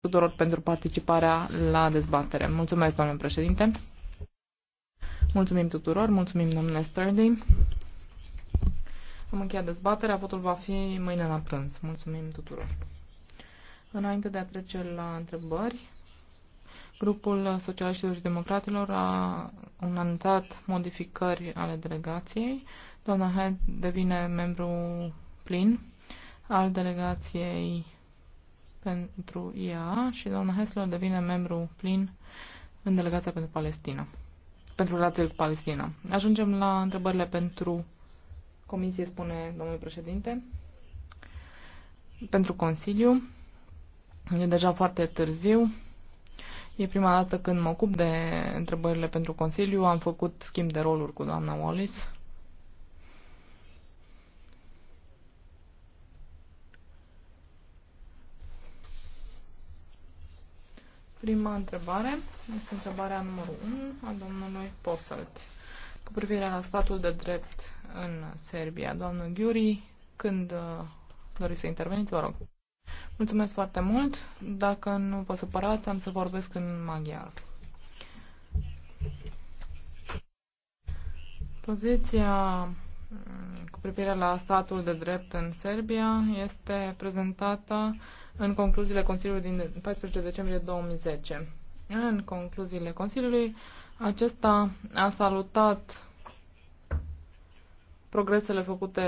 tuturor pentru participarea la dezbatere. Mulțumesc, domnule președinte. Mulțumim tuturor, mulțumim domnule Sturdy. Am încheiat dezbaterea, votul va fi mâine la prânz. Mulțumim tuturor. Înainte de a trece la întrebări, grupul Socialiștilor și Democratilor a anunțat modificări ale delegației. Doamna Head devine membru plin al delegației pentru IA și doamna Hessler devine membru plin în delegația pentru Palestina, pentru relațiile cu Palestina. Ajungem la întrebările pentru comisie, spune domnul președinte, pentru Consiliu. E deja foarte târziu. E prima dată când mă ocup de întrebările pentru Consiliu. Am făcut schimb de roluri cu doamna Wallis Prima întrebare este întrebarea numărul 1 a domnului Posalt cu privire la statul de drept în Serbia. Domnul Ghiuri, când uh, doriți să interveniți, vă rog. Mulțumesc foarte mult. Dacă nu vă supărați, am să vorbesc în maghiar. Poziția mm, cu privire la statul de drept în Serbia este prezentată în concluziile Consiliului din 14 decembrie 2010. În concluziile Consiliului, acesta a salutat progresele făcute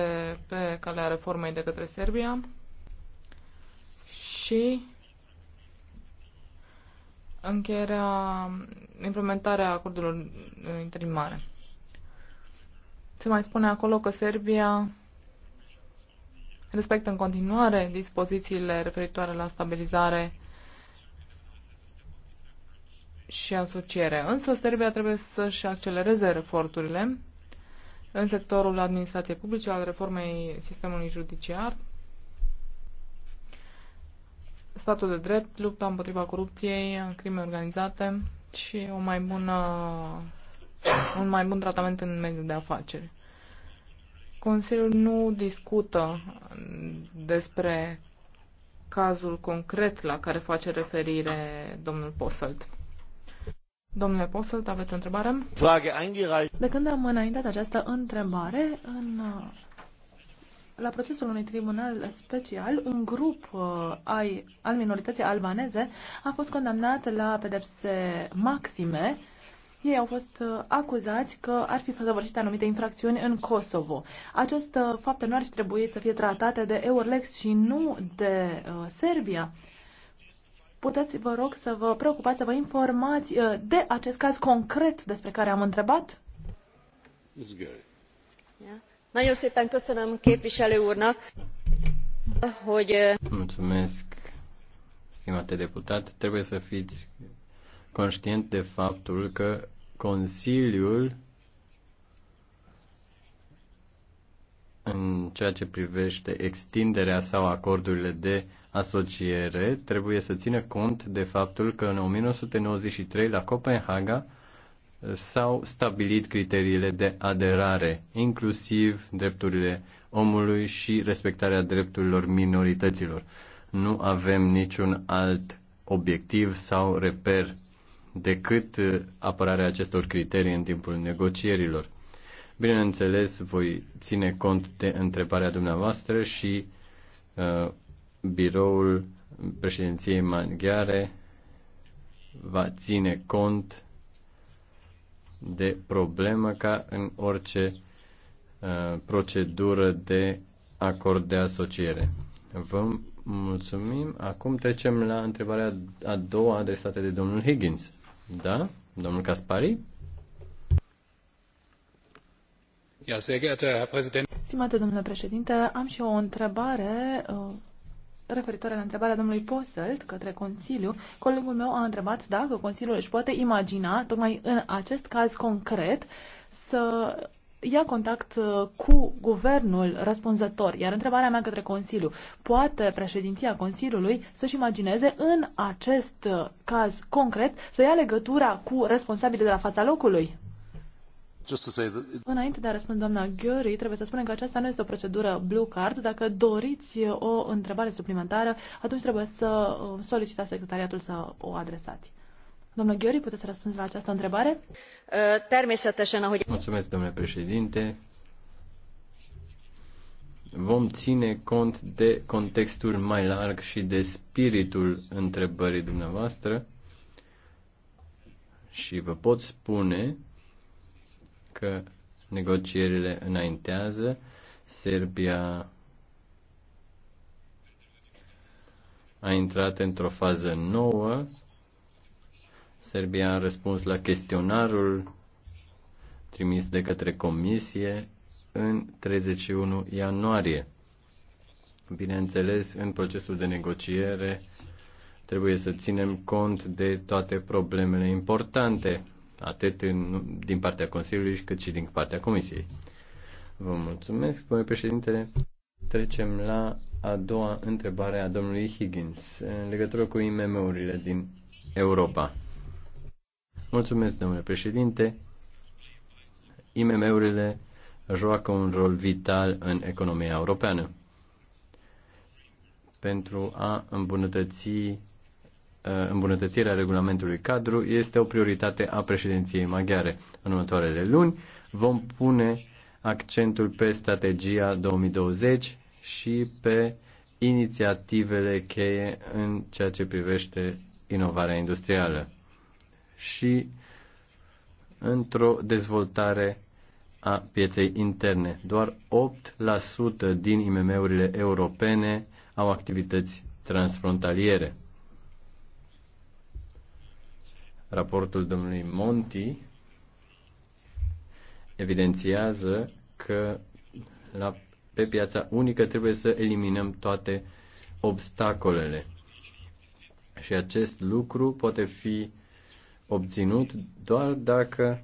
pe calea reformei de către Serbia și încheierea, implementarea acordurilor interimare. Se mai spune acolo că Serbia respectă în continuare dispozițiile referitoare la stabilizare și asociere. Însă Serbia trebuie să-și accelereze eforturile în sectorul administrației publice, al reformei sistemului judiciar, statul de drept, lupta împotriva corupției, crime organizate și o mai bună, un mai bun tratament în mediul de afaceri. Consiliul nu discută despre cazul concret la care face referire domnul Posselt. Domnule Posselt, aveți întrebare? De când am înaintat această întrebare, în, la procesul unui tribunal special, un grup uh, ai, al minorității albaneze a fost condamnat la pedepse maxime ei au fost uh, acuzați că ar fi săvârșit anumite infracțiuni în Kosovo. Această faptă nu ar fi trebuit să fie tratate de Eurlex și nu de uh, Serbia. Puteți, vă rog, să vă preocupați, să vă informați uh, de acest caz concret despre care am întrebat? Nagyon szépen köszönöm képviselő úrnak, hogy... Uh, Mulțumesc, stimate deputate, Trebuie să fiți conștient de faptul că Consiliul în ceea ce privește extinderea sau acordurile de asociere, trebuie să țină cont de faptul că în 1993 la Copenhaga s-au stabilit criteriile de aderare, inclusiv drepturile omului și respectarea drepturilor minorităților. Nu avem niciun alt obiectiv sau reper decât uh, apărarea acestor criterii în timpul negocierilor. Bineînțeles, voi ține cont de întrebarea dumneavoastră și uh, biroul președinției maghiare va ține cont de problemă ca în orice uh, procedură de acord de asociere. Vă mulțumim. Acum trecem la întrebarea a doua adresată de domnul Higgins. Da, domnul Caspari. Ja, sehr geehrter Herr Präsident. Stimate domnule președinte, am și o întrebare uh, referitoare la întrebarea domnului Poselt către Consiliu. Colegul meu a întrebat dacă Consiliul își poate imagina, tocmai în acest caz concret, să ia contact uh, cu guvernul răspunzător. Iar întrebarea mea către Consiliu, poate președinția Consiliului să-și imagineze în acest uh, caz concret să ia legătura cu responsabilii de la fața locului? That... Înainte de a răspunde doamna Gheori, trebuie să spunem că aceasta nu este o procedură blue card. Dacă doriți uh, o întrebare suplimentară, atunci trebuie să solicitați secretariatul să o adresați. Domnul Gheori, puteți să răspunde la această întrebare? Természetesen, ahogy... Mulțumesc, domnule președinte. Vom ține cont de contextul mai larg și de spiritul întrebării dumneavoastră și vă pot spune că negocierile înaintează. Serbia a intrat într-o fază nouă Serbia a răspuns la chestionarul trimis de către comisie în 31 ianuarie. Bineînțeles, în procesul de negociere trebuie să ținem cont de toate problemele importante, atât în, din partea Consiliului cât și din partea Comisiei. Vă mulțumesc, domnule președintele. Trecem la a doua întrebare a domnului Higgins în legătură cu IMM-urile din Europa. Mulțumesc, domnule președinte. IMM-urile joacă un rol vital în economia europeană pentru a îmbunătăți uh, îmbunătățirea regulamentului cadru este o prioritate a președinției maghiare. În următoarele luni vom pune accentul pe strategia 2020 și pe inițiativele cheie în ceea ce privește inovarea industrială și într-o dezvoltare a pieței interne. Doar 8% din IMM-urile europene au activități transfrontaliere. Raportul domnului Monti evidențiază că la, pe piața unică trebuie să eliminăm toate obstacolele. Și acest lucru poate fi obținut doar dacă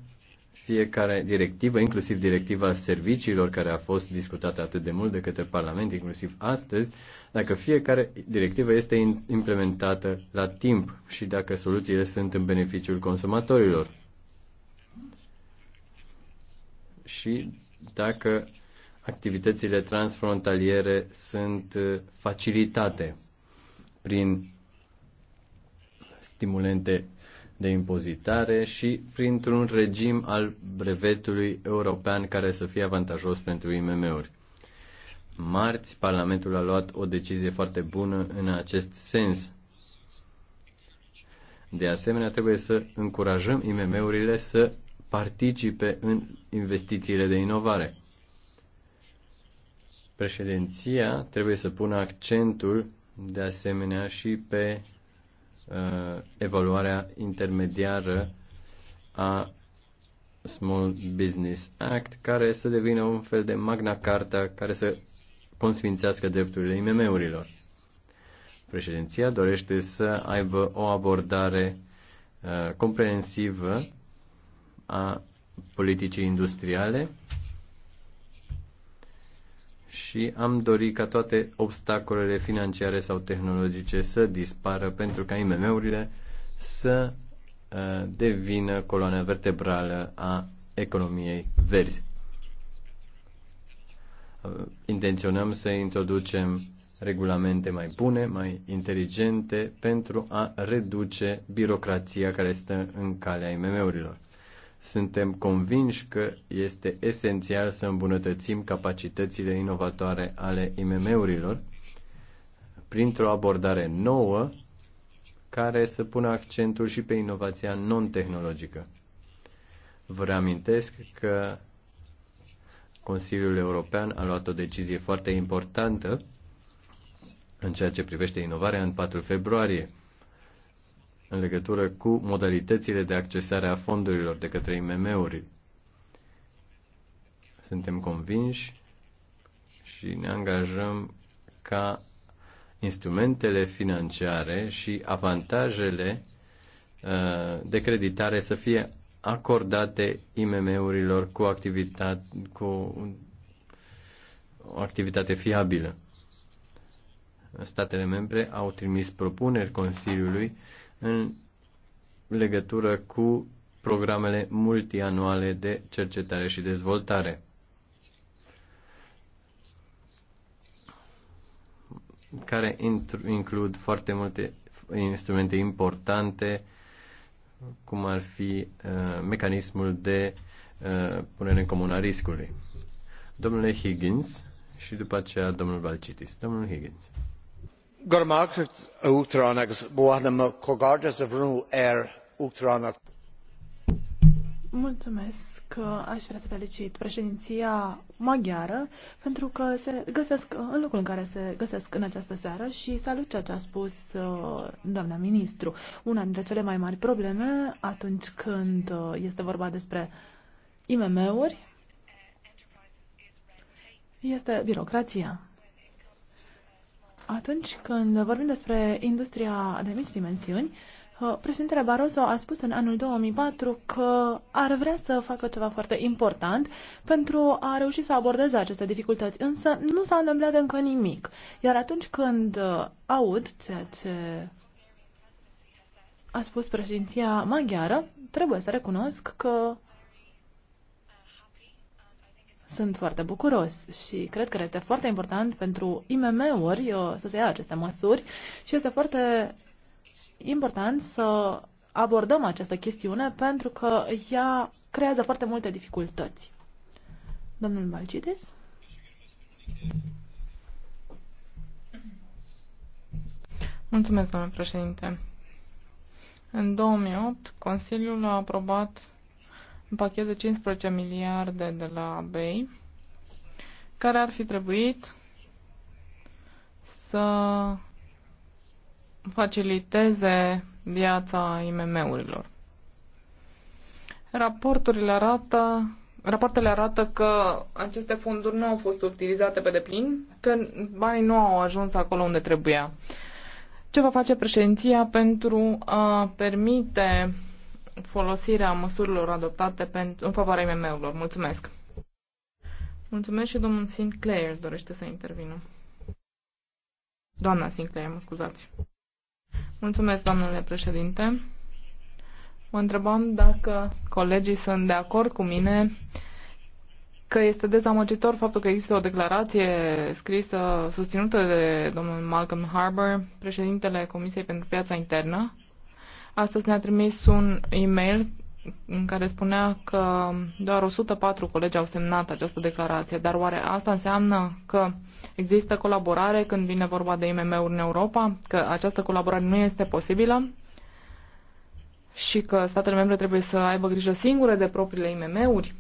fiecare directivă, inclusiv directiva serviciilor care a fost discutată atât de mult de către Parlament, inclusiv astăzi, dacă fiecare directivă este implementată la timp și dacă soluțiile sunt în beneficiul consumatorilor. Și dacă activitățile transfrontaliere sunt uh, facilitate prin stimulente de impozitare și printr-un regim al brevetului european care să fie avantajos pentru IMM-uri. Marți, Parlamentul a luat o decizie foarte bună în acest sens. De asemenea, trebuie să încurajăm IMM-urile să participe în investițiile de inovare. Președinția trebuie să pună accentul de asemenea și pe Uh, evaluarea intermediară a Small Business Act, care să devină un fel de magna carta care să consfințească drepturile IMM-urilor. Președinția dorește să aibă o abordare uh, comprehensivă a politicii industriale și am dorit ca toate obstacolele financiare sau tehnologice să dispară pentru ca IMM-urile să uh, devină coloana vertebrală a economiei verzi. Uh, intenționăm să introducem regulamente mai bune, mai inteligente pentru a reduce birocrația care stă în calea IMM-urilor. Suntem convinși că este esențial să îmbunătățim capacitățile inovatoare ale IMM-urilor printr-o abordare nouă care să pună accentul și pe inovația non-tehnologică. Vă reamintesc că Consiliul European a luat o decizie foarte importantă în ceea ce privește inovarea în 4 februarie în legătură cu modalitățile de accesare a fondurilor de către IMM-uri. Suntem convinși și ne angajăm ca instrumentele financiare și avantajele uh, de creditare să fie acordate IMM-urilor cu, activitate, cu o activitate fiabilă. Statele membre au trimis propuneri Consiliului în legătură cu programele multianuale de cercetare și dezvoltare. care includ foarte multe instrumente importante, cum ar fi uh, mecanismul de uh, punere în comun a riscului. Domnule Higgins și după aceea domnul Balcitis. Domnul Higgins. Er Mulțumesc. Aș vrea să felicit președinția maghiară pentru că se găsesc în locul în care se găsesc în această seară și salut ceea ce a spus uh, doamna ministru. Una dintre cele mai mari probleme atunci când uh, este vorba despre IMM-uri este birocrația. Atunci când vorbim despre industria de mici dimensiuni, uh, președintele Barroso a spus în anul 2004 că ar vrea să facă ceva foarte important pentru a reuși să abordeze aceste dificultăți, însă nu s-a întâmplat încă nimic. Iar atunci când uh, aud ceea ce a spus președinția maghiară, trebuie să recunosc că sunt foarte bucuros și cred că este foarte important pentru IMM-uri uh, să se ia aceste măsuri și este foarte important să abordăm această chestiune pentru că ea creează foarte multe dificultăți. Domnul Balcides? Mulțumesc, domnule președinte. În 2008, Consiliul a aprobat un pachet de 15 miliarde de la BEI, care ar fi trebuit să faciliteze viața IMM-urilor. Raporturile arată, rapoartele arată că aceste fonduri nu au fost utilizate pe deplin, că banii nu au ajuns acolo unde trebuia. Ce va face președinția pentru a permite folosirea măsurilor adoptate pentru, în favoarea IMM-urilor. Mulțumesc! Mulțumesc și domnul Sinclair dorește să intervină. Doamna Sinclair, mă scuzați. Mulțumesc, domnule președinte. Mă întrebam dacă colegii sunt de acord cu mine că este dezamăgitor faptul că există o declarație scrisă, susținută de domnul Malcolm Harbour, președintele Comisiei pentru Piața Internă, Astăzi ne-a trimis un e-mail în care spunea că doar 104 colegi au semnat această declarație, dar oare asta înseamnă că există colaborare când vine vorba de IMM-uri în Europa, că această colaborare nu este posibilă și că statele membre trebuie să aibă grijă singure de propriile IMM-uri?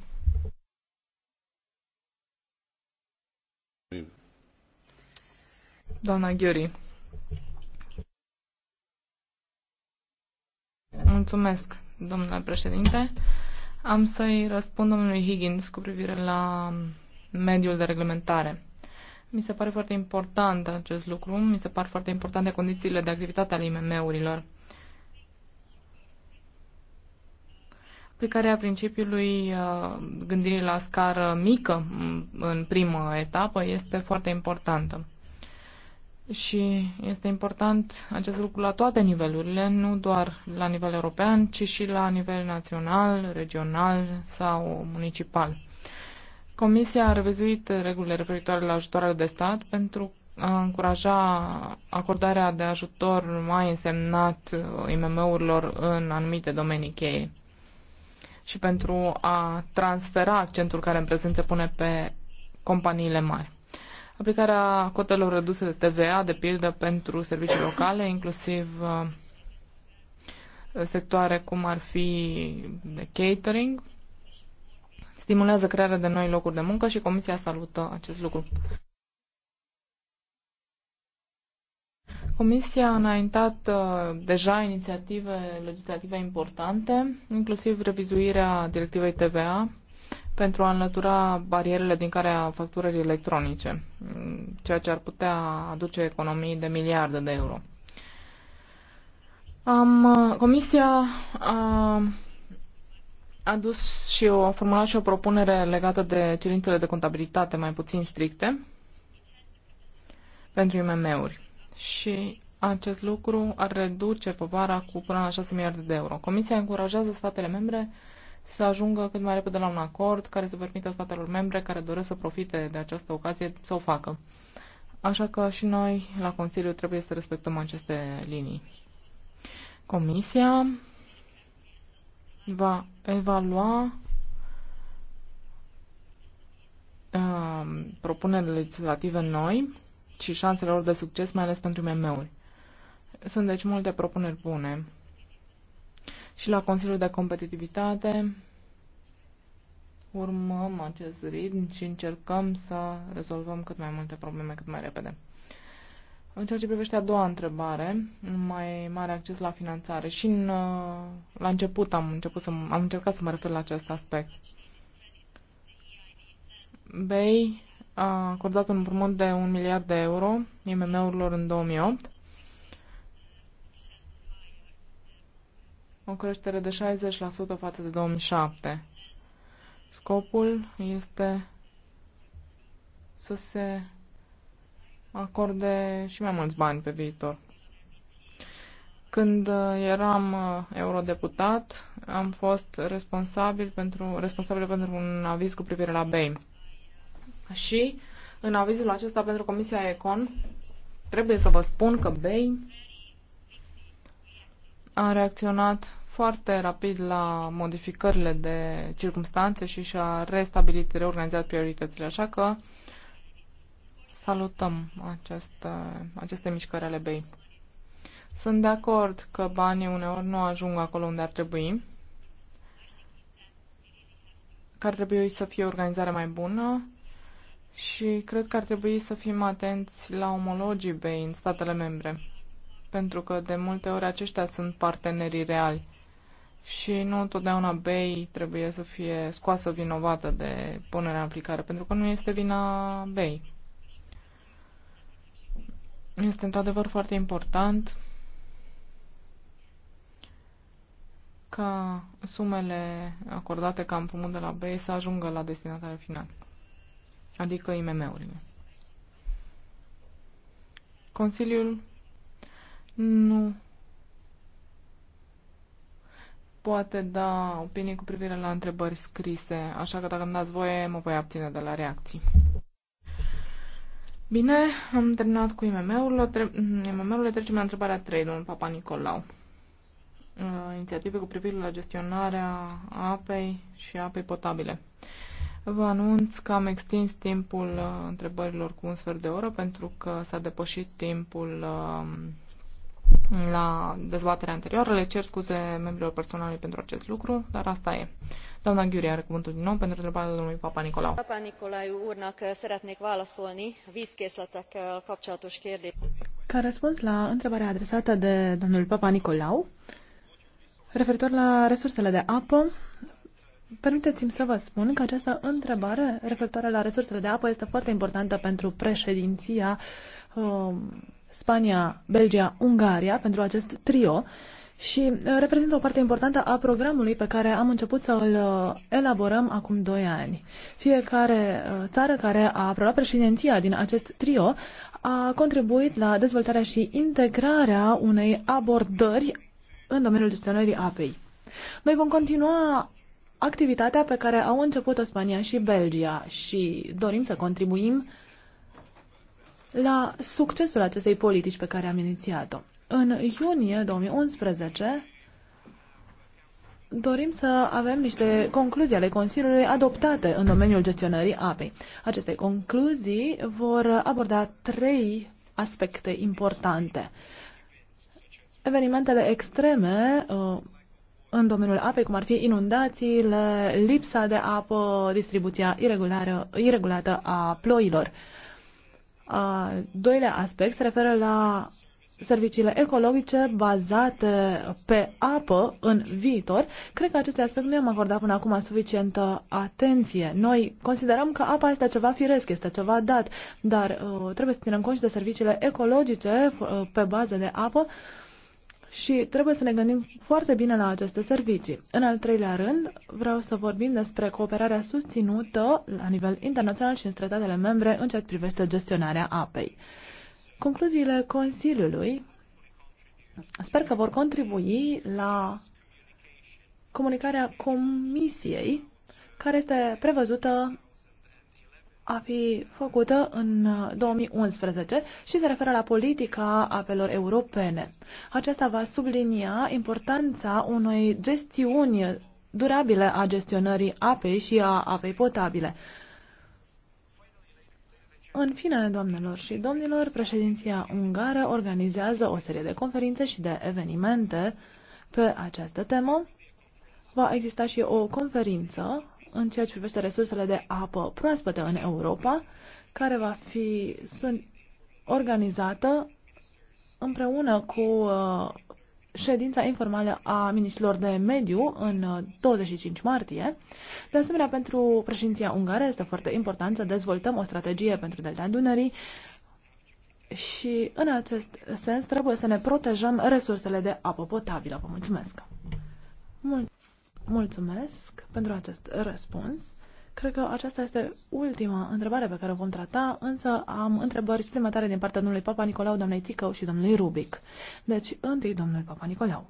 Doamna Ghiuri. Mulțumesc, domnule președinte. Am să-i răspund domnului Higgins cu privire la mediul de reglementare. Mi se pare foarte important acest lucru, mi se par foarte importante condițiile de activitate ale IMM-urilor. Aplicarea principiului uh, gândirii la scară mică mm, în primă etapă este foarte importantă și este important acest lucru la toate nivelurile, nu doar la nivel european, ci și la nivel național, regional sau municipal. Comisia a revizuit regulile referitoare la ajutoarele de stat pentru a încuraja acordarea de ajutor mai însemnat uh, IMM-urilor în anumite domenii cheie și pentru a transfera accentul care în prezent se pune pe companiile mari aplicarea cotelor reduse de TVA, de pildă, pentru servicii locale, inclusiv uh, sectoare cum ar fi de catering, stimulează crearea de noi locuri de muncă și Comisia salută acest lucru. Comisia a înaintat uh, deja inițiative legislative importante, inclusiv revizuirea directivei TVA, pentru a înlătura barierele din care a facturării electronice, ceea ce ar putea aduce economii de miliarde de euro. Am, comisia a adus și o, a formulat și o propunere legată de cerințele de contabilitate mai puțin stricte pentru IMM-uri și acest lucru ar reduce povara cu până la 6 miliarde de euro. Comisia încurajează statele membre să ajungă cât mai repede la un acord care să permită statelor membre care doresc să profite de această ocazie să o facă. Așa că și noi, la Consiliu, trebuie să respectăm aceste linii. Comisia va evalua uh, propuneri legislative noi și șansele lor de succes, mai ales pentru MM-uri. Sunt deci multe propuneri bune și la Consiliul de Competitivitate urmăm acest ritm și încercăm să rezolvăm cât mai multe probleme cât mai repede. În ceea ce privește a doua întrebare, mai mare acces la finanțare. Și în, uh, la început am, început să, am încercat să mă refer la acest aspect. BEI a acordat un împrumut de un miliard de euro IMM-urilor în 2008 o creștere de 60% față de 2007. Scopul este să se acorde și mai mulți bani pe viitor. Când uh, eram uh, eurodeputat, am fost responsabil pentru, responsabil pentru un aviz cu privire la BEI. Și în avizul acesta pentru Comisia Econ, trebuie să vă spun că BEI a reacționat foarte rapid la modificările de circumstanțe și și-a restabilit, reorganizat prioritățile, așa că salutăm aceste, aceste mișcări ale BEI. Sunt de acord că banii uneori nu ajung acolo unde ar trebui, că ar trebui să fie o organizare mai bună și cred că ar trebui să fim atenți la omologii BEI în statele membre pentru că de multe ori aceștia sunt partenerii reali și nu întotdeauna BEI trebuie să fie scoasă vinovată de punerea în aplicare, pentru că nu este vina BEI. Este într-adevăr foarte important ca sumele acordate ca împrumut de la BEI să ajungă la destinatarul final, adică IMM-urile. Consiliul nu poate da opinii cu privire la întrebări scrise, așa că dacă îmi dați voie, mă voi abține de la reacții. Bine, am terminat cu IMM-urile. Tre- IMM trecem la întrebarea 3, domnul Papa Nicolau. Uh, inițiative cu privire la gestionarea apei și apei potabile. Vă anunț că am extins timpul uh, întrebărilor cu un sfert de oră pentru că s-a depășit timpul uh, la dezbaterea anterioară. Le cer scuze membrilor personalului pentru acest lucru, dar asta e. Doamna Ghiuri are cuvântul din nou pentru întrebarea domnului Papa Nicolau. Papa Nicolaiu úrnak eh, szeretnék válaszolni vízkészletekkel eh, kapcsolatos kérdés. Ca răspuns la întrebarea adresată de domnul Papa Nicolau, referitor la resursele de apă, Permiteți-mi să vă spun că această întrebare referitoare la resursele de apă este foarte importantă pentru președinția um, Spania, Belgia, Ungaria pentru acest trio și uh, reprezintă o parte importantă a programului pe care am început să îl uh, elaborăm acum doi ani. Fiecare uh, țară care a preluat președinția din acest trio a contribuit la dezvoltarea și integrarea unei abordări în domeniul gestionării apei. Noi vom continua activitatea pe care au început-o Spania și Belgia și dorim să contribuim la succesul acestei politici pe care am inițiat-o. În iunie 2011 dorim să avem niște concluzii ale Consiliului adoptate în domeniul gestionării apei. Aceste concluzii vor aborda trei aspecte importante. Evenimentele extreme uh, în domeniul apei, cum ar fi inundațiile, lipsa de apă, distribuția irregulată iregulată a ploilor. Al doilea aspect se referă la serviciile ecologice bazate pe apă în viitor. Cred că acest aspect nu i-am acordat până acum suficientă atenție. Noi considerăm că apa este ceva firesc, este ceva dat, dar uh, trebuie să ținem conști de serviciile ecologice uh, pe bază de apă uh, și trebuie să ne gândim foarte bine la aceste servicii. În al treilea rând, vreau să vorbim despre cooperarea susținută la nivel internațional și în statele membre în ceea ce privește gestionarea apei. Concluziile Consiliului sper că vor contribui la comunicarea Comisiei care este prevăzută a fi făcută în 2011 uh, și se referă la politica apelor europene. Aceasta va sublinia importanța unei gestiuni durabile a gestionării apei și a apei potabile. În fine, doamnelor și domnilor, președinția ungară organizează o serie de conferințe și de evenimente pe această temă. Va exista și o conferință în ceea ce privește resursele de apă proaspătă în Europa, care va fi sunt, organizată împreună cu uh, ședința informală a ministrilor de mediu în 25 uh, martie. De asemenea, pentru președinția ungară este foarte important să dezvoltăm o strategie pentru Delta Dunării și în acest sens trebuie să ne protejăm resursele de apă potabilă. Vă mulțumesc! Mulțumesc! Mulțumesc pentru acest răspuns. Cred că aceasta este ultima întrebare pe care o vom trata, însă am întrebări suplimentare din partea domnului Papa Nicolau, doamnei Țicău și domnului Rubic. Deci, întâi domnul Papa Nicolau.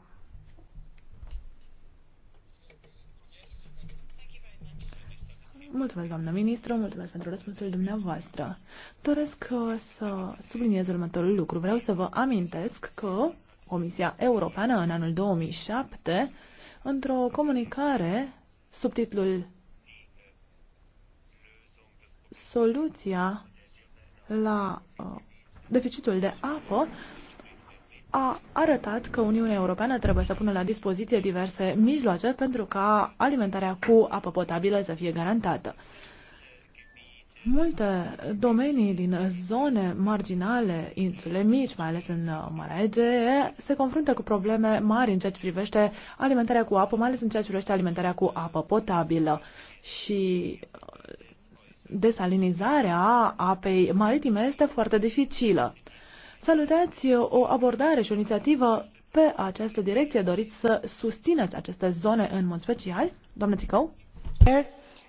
Mulțumesc, doamnă ministru, mulțumesc pentru răspunsul dumneavoastră. Doresc uh, să subliniez următorul lucru. Vreau să vă amintesc că Comisia Europeană în anul 2007 într-o comunicare, subtitlul Soluția la uh, deficitul de apă a arătat că Uniunea Europeană trebuie să pună la dispoziție diverse mijloace pentru ca alimentarea cu apă potabilă să fie garantată. Multe domenii din zone marginale, insule mici, mai ales în uh, Marea Egee, se confruntă cu probleme mari în ceea ce privește alimentarea cu apă, mai ales în ceea ce privește alimentarea cu apă potabilă. Și uh, desalinizarea apei maritime este foarte dificilă. Salutați uh, o abordare și o inițiativă pe această direcție. Doriți să susțineți aceste zone în mod special? Doamne Țicău?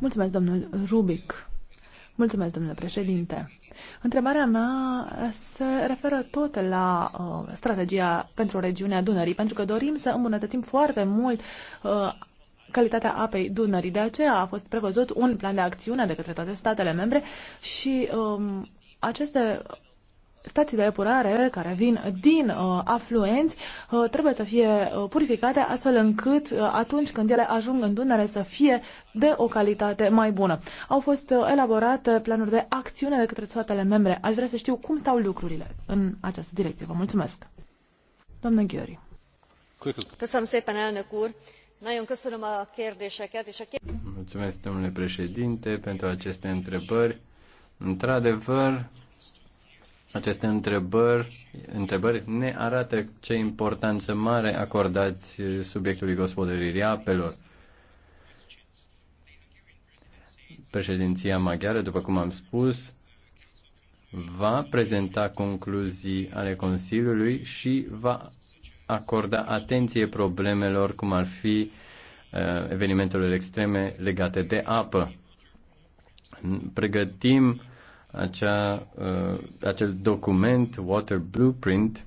Mulțumesc, domnul Rubic. Mulțumesc, domnule președinte. Întrebarea mea se referă tot la uh, strategia pentru regiunea Dunării, pentru că dorim să îmbunătățim foarte mult uh, calitatea apei Dunării. De aceea a fost prevăzut un plan de acțiune de către toate statele membre și um, aceste stații de epurare care vin din uh, afluenți uh, trebuie să fie uh, purificate astfel încât uh, atunci când ele ajung în Dunăre să fie de o calitate mai bună. Au fost uh, elaborate planuri de acțiune de către statele membre. Aș vrea să știu cum stau lucrurile în această direcție. Vă mulțumesc. Doamna Ghiori. Köszönöm szépen, elnök úr! Nagyon a kérdéseket, és a Mulțumesc, domnule președinte, pentru aceste întrebări. Într-adevăr, aceste întrebări, întrebări ne arată ce importanță mare acordați subiectului gospodăririi apelor. Președinția maghiară, după cum am spus, va prezenta concluzii ale Consiliului și va acorda atenție problemelor cum ar fi uh, evenimentele extreme legate de apă. Pregătim acea, uh, acel document Water Blueprint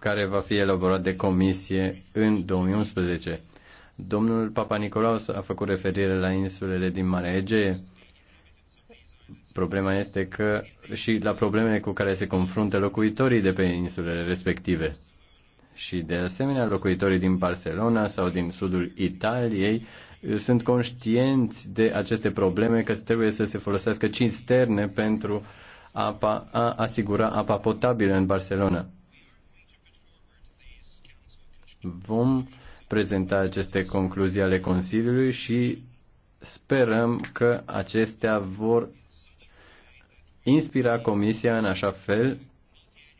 care va fi elaborat de comisie în 2011. Domnul Papa Nicolaus a făcut referire la insulele din Marea Egee. Problema este că și la problemele cu care se confruntă locuitorii de pe insulele respective. Și de asemenea, locuitorii din Barcelona sau din sudul Italiei sunt conștienți de aceste probleme, că trebuie să se folosească cisterne pentru apa, a asigura apa potabilă în Barcelona. Vom prezenta aceste concluzii ale Consiliului și sperăm că acestea vor inspira Comisia în așa fel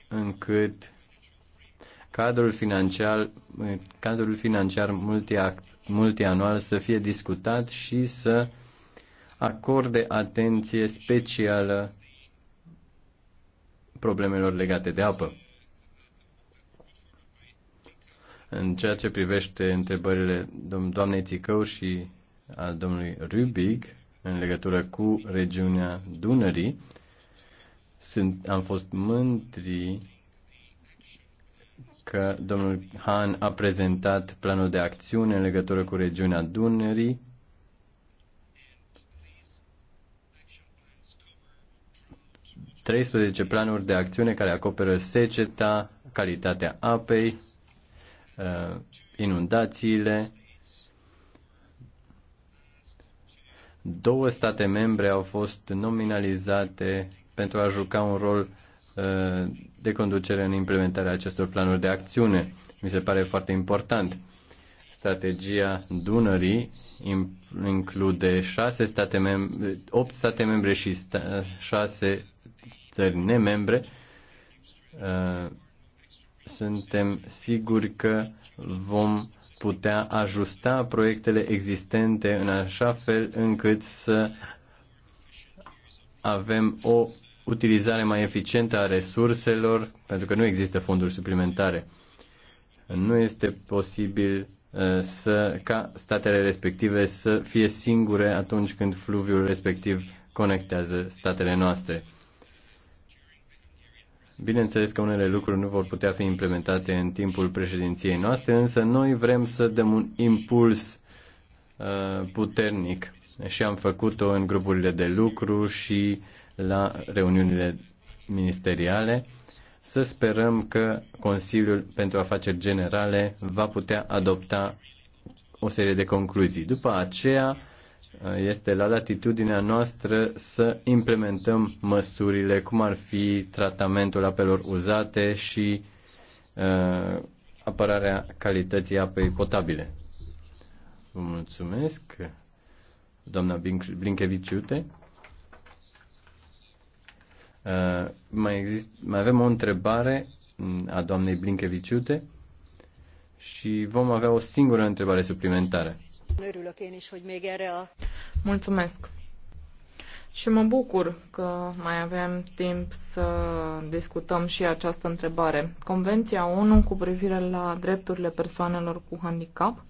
încât cadrul financiar, cadrul financiar multiact multianual să fie discutat și să acorde atenție specială problemelor legate de apă. În ceea ce privește întrebările doamnei Țicău și al domnului Rubic în legătură cu regiunea Dunării, sunt, am fost mândri că domnul Han a prezentat planul de acțiune în legătură cu regiunea Dunării. Treisprezece planuri de acțiune care acoperă seceta, calitatea apei, uh, inundațiile. Două state membre au fost nominalizate pentru a juca un rol de conducere în implementarea acestor planuri de acțiune. Mi se pare foarte important. Strategia Dunării include șase state membre, opt state membre și sta, șase țări nemembre. Uh, suntem siguri că vom putea ajusta proiectele existente în așa fel încât să avem o utilizare mai eficientă a resurselor, pentru că nu există fonduri suplimentare. Nu este posibil uh, să, ca statele respective să fie singure atunci când fluviul respectiv conectează statele noastre. Bineînțeles că unele lucruri nu vor putea fi implementate în timpul președinției noastre, însă noi vrem să dăm un impuls uh, puternic și am făcut-o în grupurile de lucru și la reuniunile ministeriale. Să sperăm că Consiliul pentru Afaceri Generale va putea adopta o serie de concluzii. După aceea, uh, este la latitudinea noastră să implementăm măsurile, cum ar fi tratamentul apelor uzate și uh, apărarea calității apei potabile. Vă mulțumesc, doamna Blinkeviciute. Uh, mai, exist, mai avem o întrebare mm, a doamnei Blinkeviciute și vom avea o singură întrebare suplimentară. Mulțumesc. Și mă bucur că mai avem timp să discutăm și această întrebare. Convenția ONU cu privire la drepturile persoanelor cu handicap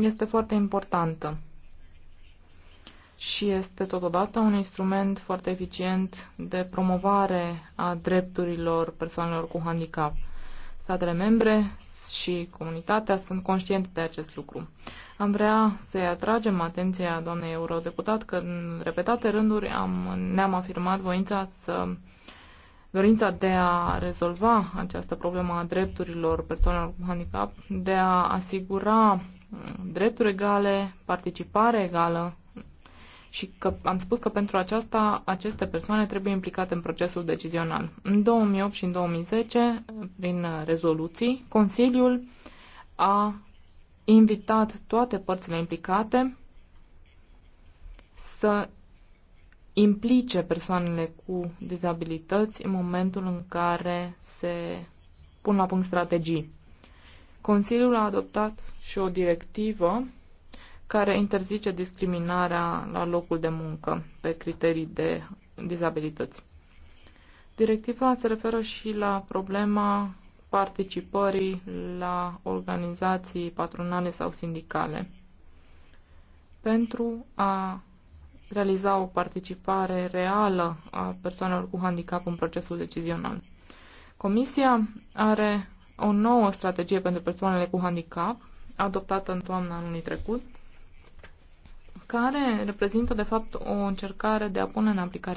este foarte importantă și este totodată un instrument foarte eficient de promovare a drepturilor persoanelor cu handicap. Statele membre și comunitatea sunt conștiente de acest lucru. Am vrea să-i atragem atenția doamnei eurodeputat că în repetate rânduri am, ne-am afirmat voința să dorința de a rezolva această problemă a drepturilor persoanelor cu handicap, de a asigura drepturi egale, participare egală și că am spus că pentru aceasta aceste persoane trebuie implicate în procesul decizional. În 2008 și în 2010, prin rezoluții, Consiliul a invitat toate părțile implicate să implice persoanele cu dizabilități în momentul în care se pun la punct strategii. Consiliul a adoptat și o directivă care interzice discriminarea la locul de muncă pe criterii de dizabilități. Directiva se referă și la problema participării la organizații patronale sau sindicale. Pentru a realiza o participare reală a persoanelor cu handicap în procesul decizional. Comisia are o nouă strategie pentru persoanele cu handicap, adoptată în toamna anului trecut, care reprezintă, de fapt, o încercare de a pune în aplicare,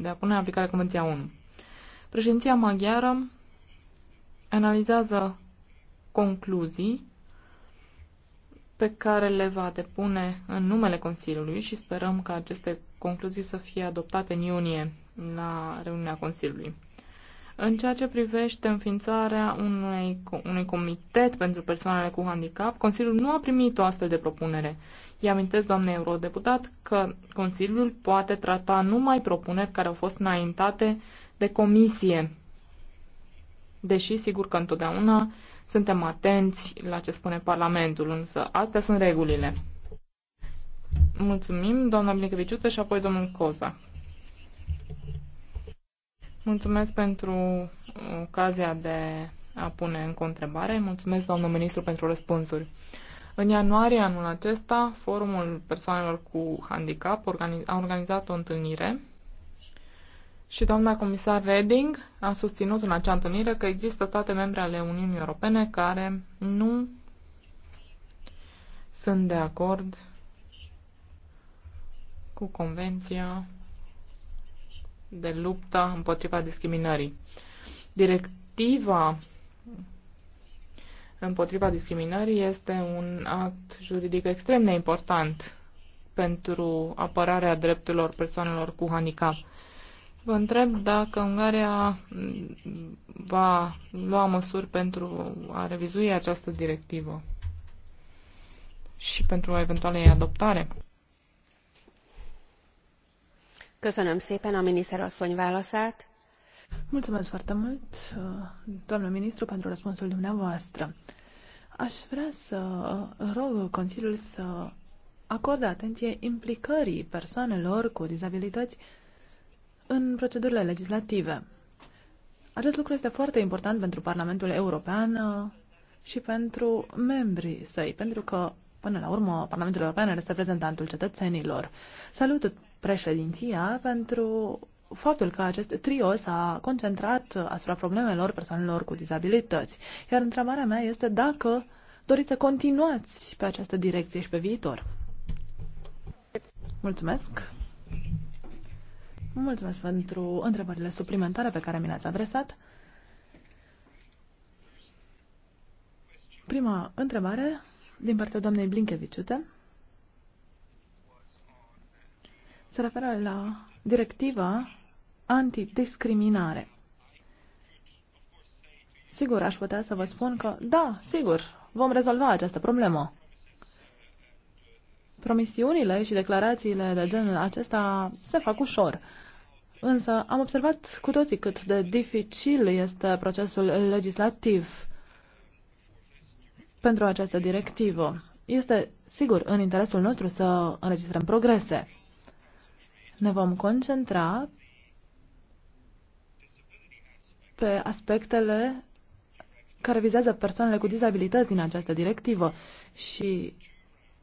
de a pune în aplicare Convenția 1. Președinția maghiară analizează concluzii pe care le va depune în numele Consiliului și sperăm ca aceste concluzii să fie adoptate în iunie la reuniunea Consiliului. În ceea ce privește înființarea unui, unui comitet pentru persoanele cu handicap, Consiliul nu a primit o astfel de propunere. Îi amintesc, doamne eurodeputat, că Consiliul poate trata numai propuneri care au fost înaintate de comisie. Deși, sigur că întotdeauna suntem atenți la ce spune Parlamentul, însă astea sunt regulile. Mulțumim, doamna Blinkeviciută și apoi domnul Coza. Mulțumesc pentru ocazia de a pune încă o întrebare. Mulțumesc, doamnă ministru, pentru răspunsuri. În ianuarie anul acesta, Forumul Persoanelor cu Handicap a organizat o întâlnire și doamna comisar Reding a susținut în acea întâlnire că există state membre ale Uniunii Europene care nu sunt de acord cu Convenția de luptă împotriva discriminării. Directiva împotriva discriminării este un act juridic extrem de important pentru apărarea drepturilor persoanelor cu handicap. Vă întreb dacă Ungaria va lua măsuri pentru a revizui această directivă și pentru o eventuală adoptare a Mulțumesc foarte mult, uh, doamnă ministru, pentru răspunsul dumneavoastră. Aș vrea să uh, rog Consiliul să acorde atenție implicării persoanelor cu dizabilități în procedurile legislative. Acest lucru este foarte important pentru Parlamentul European uh, și pentru membrii săi, pentru că, până la urmă, Parlamentul European este reprezentantul cetățenilor. Salut președinția pentru faptul că acest trio s-a concentrat asupra problemelor persoanelor cu dizabilități. Iar întrebarea mea este dacă doriți să continuați pe această direcție și pe viitor. Mulțumesc! Mulțumesc pentru întrebările suplimentare pe care mi le-ați adresat. Prima întrebare din partea doamnei Blinkeviciute. se referă la directiva antidiscriminare. Sigur, aș putea să vă spun că, da, sigur, vom rezolva această problemă. Promisiunile și declarațiile de genul acesta se fac ușor. Însă am observat cu toții cât de dificil este procesul legislativ pentru această directivă. Este, sigur, în interesul nostru să înregistrăm progrese ne vom concentra pe aspectele care vizează persoanele cu dizabilități din această directivă și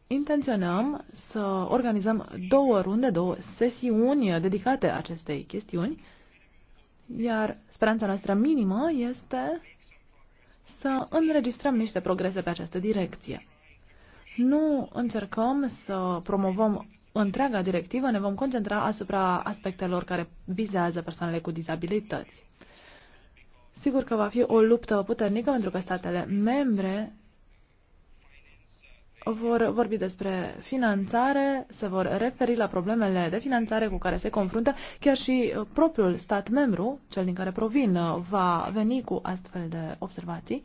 intenționăm să organizăm două runde, două sesiuni dedicate acestei chestiuni, iar speranța noastră minimă este să înregistrăm niște progrese pe această direcție. Nu încercăm să promovăm întreaga directivă ne vom concentra asupra aspectelor care vizează persoanele cu dizabilități. Sigur că va fi o luptă puternică pentru că statele membre vor vorbi despre finanțare, se vor referi la problemele de finanțare cu care se confruntă, chiar și uh, propriul stat membru, cel din care provin, uh, va veni cu astfel de observații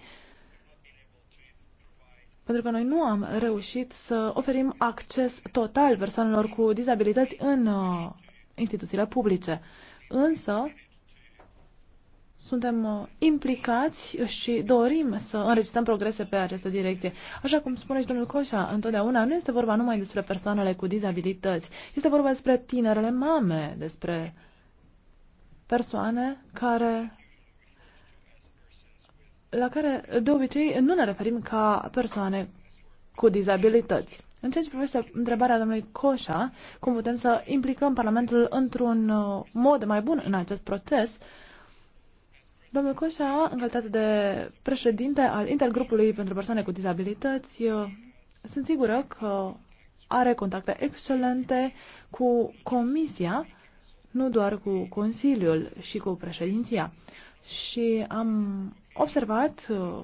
pentru că noi nu am reușit să oferim acces total persoanelor cu dizabilități în uh, instituțiile publice. Însă, suntem uh, implicați și dorim să înregistrăm progrese pe această direcție. Așa cum spune și domnul Coșa, întotdeauna nu este vorba numai despre persoanele cu dizabilități, este vorba despre tinerele mame, despre persoane care la care de obicei nu ne referim ca persoane cu dizabilități. În ceea ce privește întrebarea domnului Coșa, cum putem să implicăm Parlamentul într-un uh, mod mai bun în acest proces, domnul Coșa, în calitate de președinte al Intergrupului pentru Persoane cu Dizabilități, uh, sunt sigură că are contacte excelente cu Comisia, nu doar cu Consiliul și cu președinția. Și am observat uh,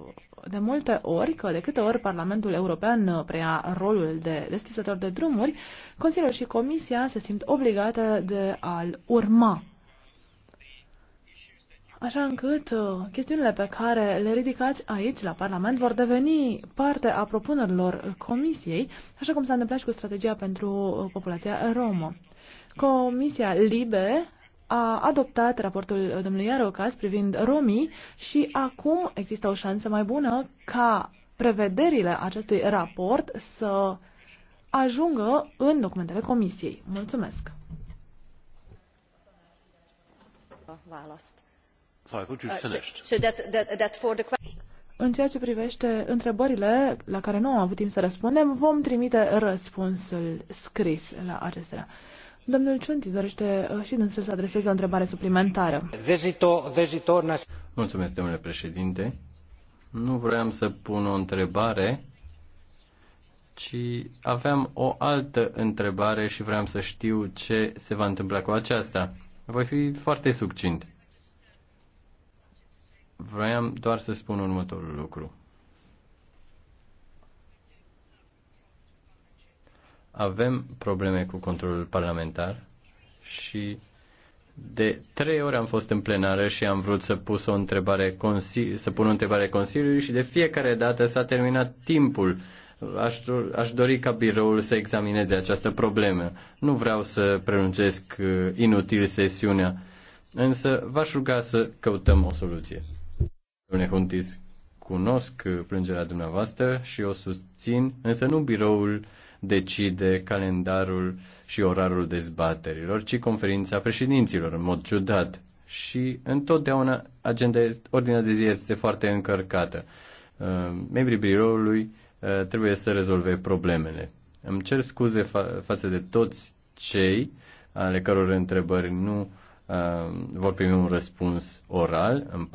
de multe ori că de câte ori Parlamentul European uh, preia rolul de deschizător de drumuri, Consiliul și Comisia se simt obligate de a-l urma. Așa încât uh, chestiunile pe care le ridicați aici la Parlament vor deveni parte a propunerilor Comisiei, așa cum s-a întâmplat și cu strategia pentru populația romă. Comisia LIBE a adoptat raportul domnului Iarocas privind romii și acum există o șansă mai bună ca prevederile acestui raport să ajungă în documentele comisiei. Mulțumesc! Uh, în ceea ce privește întrebările la care nu am avut timp să răspundem, vom trimite răspunsul scris la acestea. Domnul Ciunti dorește uh, și dânsul să adreseze o întrebare suplimentară. Mulțumesc, domnule președinte. Nu vroiam să pun o întrebare, ci aveam o altă întrebare și vreau să știu ce se va întâmpla cu aceasta. Voi fi foarte succint. Vroiam doar să spun următorul lucru. avem probleme cu controlul parlamentar și de trei ori am fost în plenară și am vrut să, pus o întrebare să pun o întrebare Consiliului și de fiecare dată s-a terminat timpul. Aș, aș dori ca biroul să examineze această problemă. Nu vreau să prelungesc uh, inutil sesiunea, însă v-aș ruga să căutăm o soluție. Domnule Huntis, cunosc uh, plângerea dumneavoastră și o susțin, însă nu biroul uh, decide calendarul și orarul dezbaterilor, ci conferința președinților, în mod ciudat. Și întotdeauna agenda, ordinea de zi este foarte încărcată. Uh, membrii biroului uh, trebuie să rezolve problemele. Îmi cer scuze fa- față de toți cei ale căror întrebări nu uh, vor primi un răspuns oral. Îmi